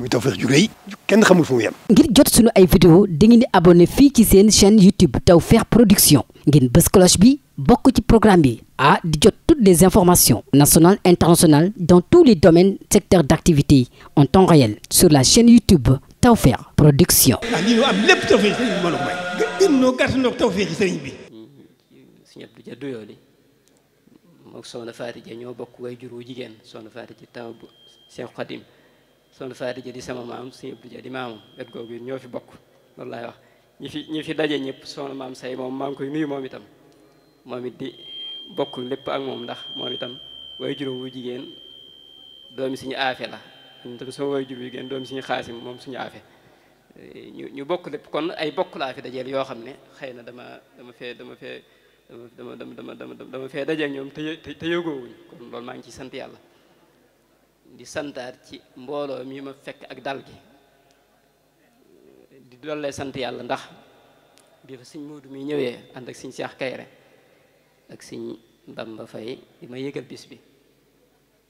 muy Tawfekh ju rëy kenn xamul fu mu ngir jot sunu ay vidéo dangeen di abonné fii ci seen chaîne YouTube Tawfekh Production ngeen bës bi bokk ci programme bi ah di jot toutes des informations national internationales dans tous les domaines secteurs d'activité en temps réel sur la chaîne YouTube Tawfekh Production. ah lii ñu am lépp Tawfekh sëriñ bi mbooloo mooy. gën gën ñoo gàtt ñoo Tawfekh sëriñ bi. Mm, ñoo bokk way juru jigéen soxna Fatou Dia taw bu Cheikh soxna Faati ja di sama maam sëñ Abdu ja di maamam wet googu ñoo fi bokk loolu laay wax ñi fi ñi fi daje ñëpp soxna maam say moom maa ngi koy nuyu moom itam moom it di bokk lépp ak moom ndax moom itam way juróom wu jigéen doomi suñu aafe la ñu tam sama way juróom jigéen doomi suñu xaasim moom suñu aafe ñu ñu bokk lépp kon ay bokk laa fi dajeel yoo xam ne xëy na dama dama fee dama fee dama dama dama dama dama fee dajeel ñoom te te yëgoowuñ kon loolu maa ngi ci sant yàlla di santaat ci mbooloo mi ma fekk ak dal gi di dollee sant yàlla ndax bi fa sëñ Moodu mi ñëwee ànd ak siñ Seex Kayre ak siñ Bamba Fay di ma yëgal bis bi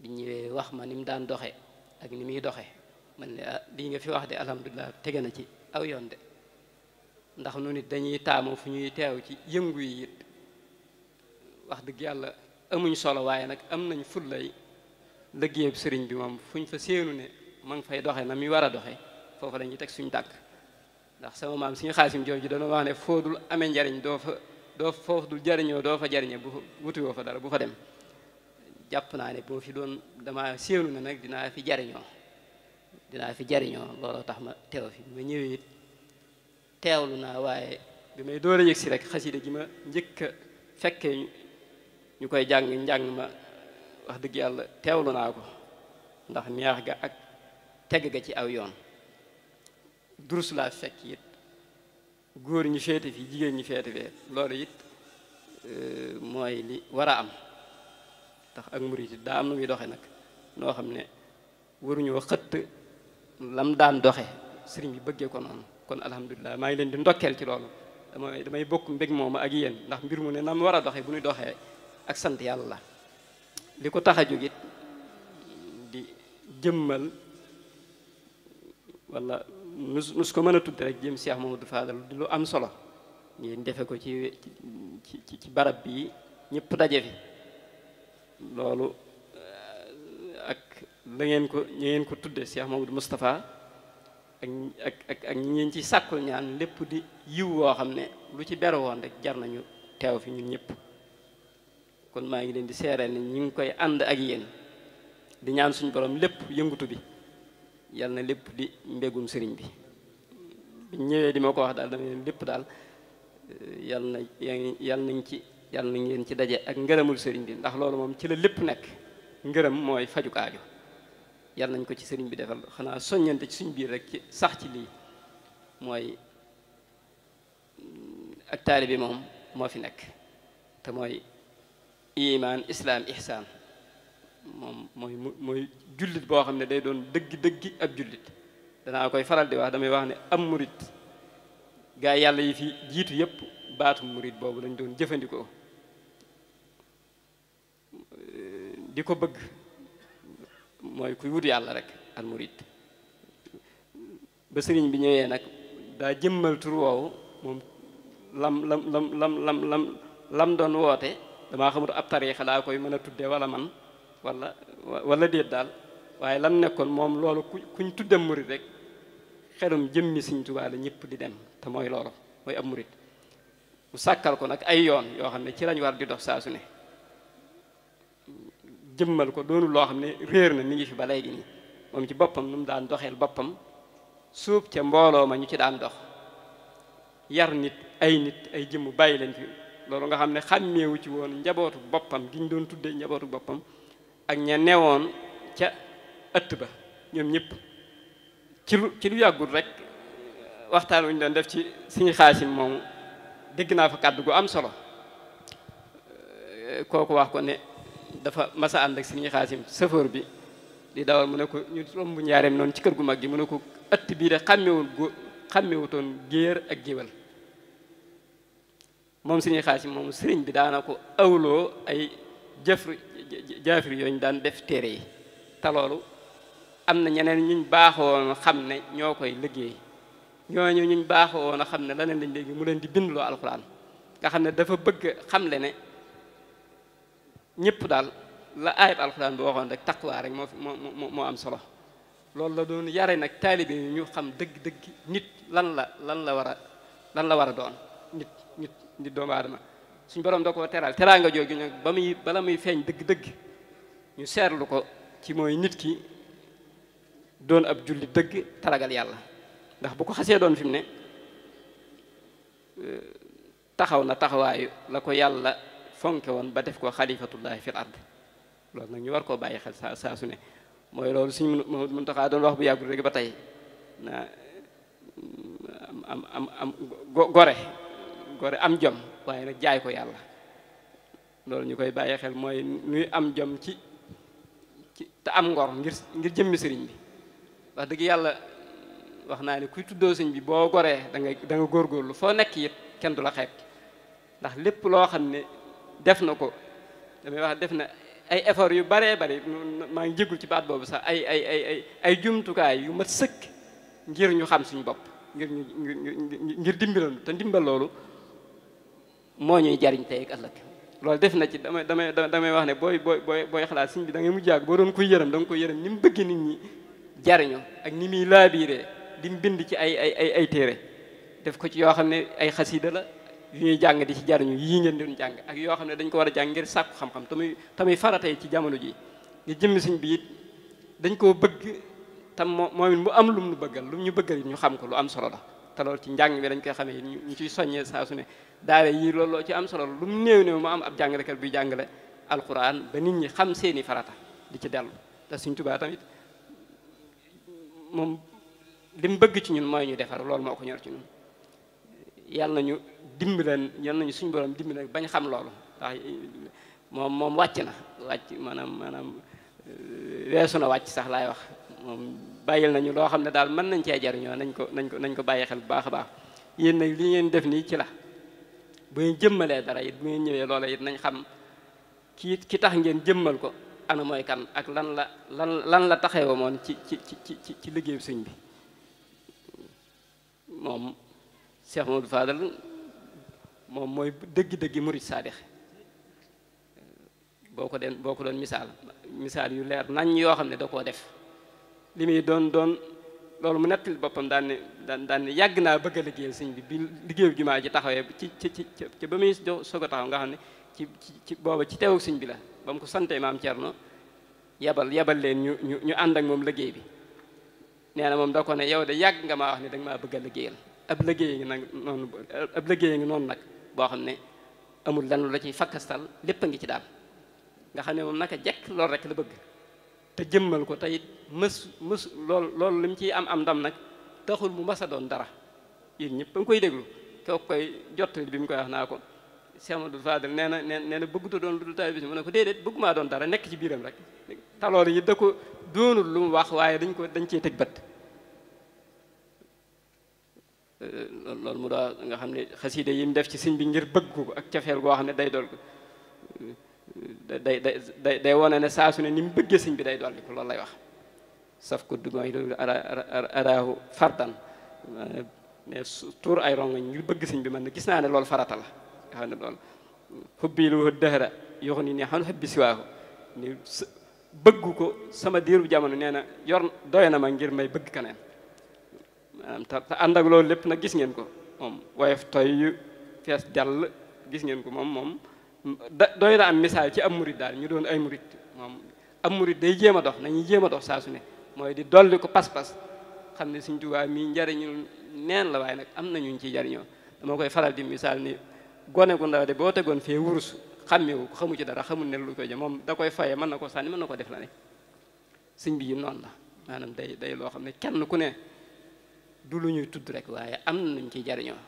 bi ñëwee wax ma ni mu daan doxe ak ni muy doxe man ne ah lii nga fi wax de alhamdulilah tege na ci aw de ndax nu nit dañuy taamoo fu ñuy teew ci yëngu yi wax dëgg yàlla amuñ solo waaye nag am nañ fullay lëggéeyab sëriñ bi moom fuñ fa séenu ne ma fay doxe na mi war a doxe foofu la teg suñ tàkk ndax sama maam suñu xaasim jooju dana wax ne foo dul amee njariñ doo doo foofu dul jariñoo doo fa jariñe bu wutiwoo fa dara bu fa naa ne boo fi doon dama séenu ne nag dinaa fi jariñoo dinaa fi jariñoo tax ma teew fi ma ñëwee it waaye bi may door a yëg rek xasida gi ma njëkk a ñu koy jàng njàng ma wax dëgg yàlla teewlu naa ko ndax neex ga ak teg ga ci aw yoon durus laa fekk góor ñi féete fi jigéen ñi féete loolu it euh, mooy li war a am ndax ak murit daa am na muy doxe nag noo xam ne waruñoo xëtt lam daan doxe sëriñ bi bëggee ko noonu kon alhamdulilah maa ngi leen ndokkeel ci loolu damay damay bokk mbég mooma ak yéen ndax mbir mu ne nam war a doxe bu ñu doxee ak sant yàlla li ko tax a jóg di jëmmal wala nus nus ko mën a tudd rek jëm Cheikh Mamadou Fadal di lu am solo ngeen defe ko ci ci ci barab bii ñépp daje fi loolu eh, ak la ngeen ko ñu ngeen ko tudde Cheikh Mamadou Moustapha ak ak ak ak ñi ci sàkkul ñaan lépp di yiw woo xam ne lu ci beru rek jar nañu teew fi ñun ñëpp kon maa ngi leen di seereel ne ñu ngi koy ànd ak yéen di ñaan suñu borom lépp yëngutu bi yal na lépp di mbégum sëriñ bi biñ ñëwee di ma ko wax daal dama leen lépp daal eh, yal na yal nañ ci yal na ngeen ci daje ak ngërëmul sëriñ bi ndax loolu moom ci la lépp nekk ngërëm mooy faju aajo yal nañ ko ci sëriñ bi defal xanaa soññante ci suñ biir rek ci sax ci lii mooy ak taalibe bi moom moo fi nekk te mooy iman islaam ihsaan moom mooy mooy jullit boo xam ne day doon dëgg dëgg ab jullit danaa koy faral di wax damay wax ne am murit gaa yàlla yi fi jiitu yépp baatu murit boobu lañ doon jëfandikoo di ko bëgg mooy kuy wut yàlla rek al murit ba sëriñ bi ñëwee nag daa jëmmal tur woowu moom lam lam lam lam lam lam doon woote damaa xamut ab tariixa laa koy mën a tudde wala man wala wala déet daal waaye lan nekkoon moom loolu ku kuñ tudde murit rek xelum jëmmi Sëriñ Tuubaa la ñëpp di dem te mooy loolo mooy ab murit mu sàkkal ko nag ay yoon yoo xam ne ci lañ war di dox saa ne jëmmal ko doonul loo xam ne réer na ni ngi fi ba léegi nii moom ci boppam nu mu daan doxeel boppam suub ca mbooloo ma ñu ci daan dox yar nit ay nit ay jëmm bàyyi leen fi loolu nga xam ne xàmmewu ci woon njabootu boppam giñ doon tuddee njabootu boppam ak ña newoon ca ëtt ba ñoom ñëpp ci lu ci lu yàggul rek waxtaan wu ñu doon def ci suñu xaasim moomu dégg naa fa kàddu gu am solo euh, kooku wax ko ne dafa masa a ànd ak suñu xaasim chauffeur bi di dawal mu ne ko ñu romb njaareem noonu ci kër gu mag gi mu ne ko ëtt bii de xàmmewul gó xàmmewutoon géer ak géwal moom suñuy xaas yi moom sëriñ bi daana ko awloo ay jafri jaafri yooyu ñu daan def téere yi te loolu am na ñeneen ñuñ baaxoon xam ne ñoo koy liggéey ñooñu ñuñ baaxoon a xam ne laneen lañ léegi mu leen di bindloo alxuraan nga xam ne dafa bëgg xam le ne ñëpp daal la ayib alxuraan bi waxoon rek taqwa rek am solo loolu la doon yare nag taalibe yi ñu dëgg-dëgg nit lan la lan la war a lan la war a doon nit nit doomu aadama suñ borom da koo teral teraanga jooju nag ba muy bala muy feeñ dëgg-dëgg ñu seetlu ko ci mooy nit ki doon ab julli dëgg taragal yàlla ndax bu ko xasee doon fi mu ne euh, taxaw na taxawaayu la ko yàlla fonke woon ba def ko xalifatullahi fil ard loolu nag ñu war koo bàyyi xel saa saa su ne mooy loolu suñ Mouhamadou Mountakha doon wax bu yàggul rek ba tey na mm, am am gore gore am jom waaye nag jaay ko yàlla loolu ñu koy bàyyi xel mooy nuy am jom ci ci te am ngor ngir ngir jëmmi sëriñ bi wax dëgg yàlla wax naa ne kuy tuddoo sëñ bi boo goree da nga da góorgóorlu foo nekk it kenn du la xeeb ndax lépp loo xam ne def na ko damay wax def na ay effort yu baree bari maa ngi jégul ci baat boobu sax ay ay ay ay jumtukaay yu mat sëkk ngir ñu xam suñu bopp ngir ñu ngir dimbilan te ndimbal loolu moo ñuy jariñ tey ak ëllëg loolu def na ci damay damay damay wax ne booy booy booy booy xalaat sëñ bi da ngay mujj ak boo doon koy yërëm da nga koy yërëm ni mu bëgg nit ñi jariñu ak ni muy laabiiree di bind ci ay ay ay ay téere def ko ci yoo xam ne ay xasida la yu ñuy jàng di ci jariñu yii ngeen doon jàng ak yoo xam ne dañ ko war a jàng ngir sàkku xam-xam tamuy tamuy faratay ci jamono ji nga jëmmi sëñ bi it dañ koo bëgg tam moom it mu am lum nu bëggal lum ñu bëggal it ñu xam ko lu am solo la te loolu ci njàng mi dañ koy xamee ñu ñu ciy soññee saa su ne daara yi loolu loo ci am solo lu mu néew néew mu am ab jàngalekat buy jàngale alquran ba nit ñi xam seeni farata di ci dellu te Sëriñ Tuubaa tamit moom lim bëgg ci ñun mooy ñu defar loolu moo ko ñor ci ñun yàlla nañu dimbaleen yàlla nañu suñu borom dimbaleen bañ xam loolu ndax moom wàcc na wàcc maanaam maanaam weesu na wàcc sax laay wax moom bàyyil nañu loo xam ne daal mën nañ cee jariñoo nañ ko nañ ko nañ ko bàyyi xel bu baax baax yéen nag li ngeen def nii ci la bu ngeen jëmmalee dara it bu ngeen ñëwee loola it nañ xam ki ki tax ngeen jëmmal ko ana mooy kan ak lan la lan lan la taxewa moon ci ci ci ci ci liggéeyu suñ bi moom Cheikh Modou moom mooy dëgg-dëggi murid saadix boo ko den boo ko doon misaal misaal yu leer nañ yoo xam ne da koo def li muy doon doon loolu mu nettali boppam daan ne daan daan yàgg naa bëgg a liggéeyal sëñ bi bi liggéeyu jumaa ji taxawee ci ci ci ci ba muy soog a taxaw nga xam ne ci ci booba ci teewug sëñ bi la ba mu ko santee maam Thierno yabal yabal leen ñu ñu ñu ànd ak moom liggéey bi nee na moom da ko ne yow de yàgg nga maa wax ne da nga maa bëgg a liggéeyal ab liggéey ngi nag noonu ab ngi noonu nag boo xam ne amul lan la ciy fakkastal lépp a ngi ci daal nga xam ne moom naka jekk loolu rek la bëgg te jëmmal ko tey mës mës lool loolu li mu ciy am am ndam nag taxul mu mas a doon dara yéen ñëpp nga koy déglu kooku koy jottali bi mu koy wax naa ko Cheikh Amadou Fadel nee na nee na bëgguta doon lu dul taalibe bi mu ne ko déedéet bëggumaa doon nekk ci biiram rek te loolu yi da ko doonul lu mu wax waaye dañ ko dañ cee tëj bët euh, loolu mu daa nga xam ne xasida yi mu def ci siñ bi ngir bëgg ko ak cafeel goo xam ne day dool ko day day day wone ne saa su ne ni bëggee sëñ bi day dolli ko loolu lay wax saf ko du mooy araahu fardan ne tuur ay rongoñ ñu bëgg sëñ bi man na gis naa ne lool farata la nga xam ne loolu xubbi lu dëhra ne xubbi siwaahu ni bëgg ko sama diiru jamono nee na yor doy na ngir may bëgg keneen maanaam te te loolu lépp nag gis ngeen ko moom woyof toy yu fees jàll gis ngeen ko moom moom doy na am misaal ci am murit daal ñu doon ay murit moom am murit day jéem a dox nañuy jéem a dox saa su ne mooy di dolli ko pas-pas xam ne suñ tubaab mii njariñul neen la waaye nag am nañu ciy jariñoo dama koy faral di misaal ni gone gu ndaw boo tegoon fee wurus xàmmewu ko xamu ci dara xamul ne lu ko jëm moom da koy fayee mën na ko sànni mën na ko def la ne sëñ bi noonu la maanaam day day loo xam ne kenn ku ne du lu ñuy rek waaye am na ciy jariñoo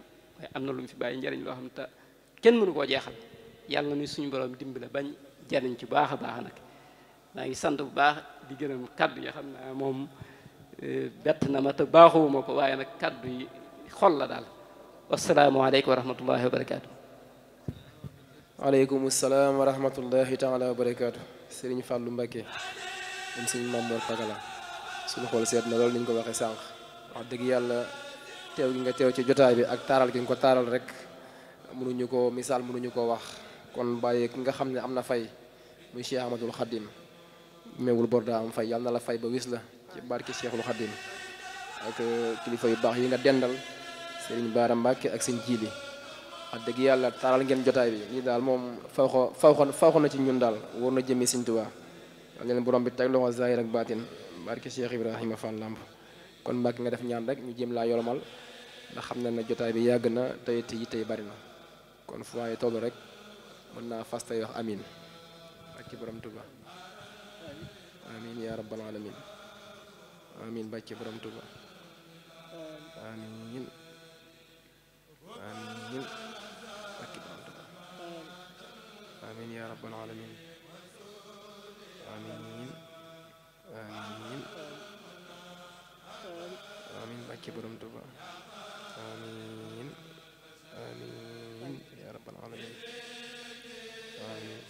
am na lu mu fi bàyyi njariñ loo xam ne te kenn mënu koo jeexal yàlla na suñu borom dimbale bañ jan jariñ ci baax a baax nag maa ngi sant bu baax di gërëm kaddu yi xam naa moom euh, bett na ma te baaxuwuma ko waaye nag kaddu yi xol la daal wasalaamaaleykum wa rahmatullahi wa barakaatu. waaleykum salaam wa rahmatullahi taala wa barakaatu. Serigne Fallou Mbacké am suñu Mamor seet na loolu ni ñu ko waxee sànq wax dëgg yàlla teew gi nga teew ci jotaay bi ak taaral gi nga ko taaral rek mënuñu ko misaal mënuñu ko wax. kon bàyyee ki nga xam ne am na fay muy Cheikh Ahmadul Xadim meewul bor daa am fay yàlla na la fay ba wis la ci barki Cheikhul Xadim euh, kilifa yu baax yi nga dendal Serigne Bara Mbacke ak seen jiili wax dëgg yàlla taaral ngeen jotaay bi lii daal moom fawxo fawxo fawxo na ci ñun daal wóor na jëmmi Serigne Touba yal leen borom bi teg loxo zahir ak baatin barki Cheikh Ibrahima Fall Lamp kon Mbacke nga def ñaan rek ñu jëm laa yolomal ndax xam na ne jotaay bi yàgg na tey tey bari na kon fu waaye rek. mën naa fas tey wax amin ak ci borom tuba amin ya rabbal alamin amin ba ci tuba amin ya rabbal alamin amin ba ci tuba amin ya rabbal alamin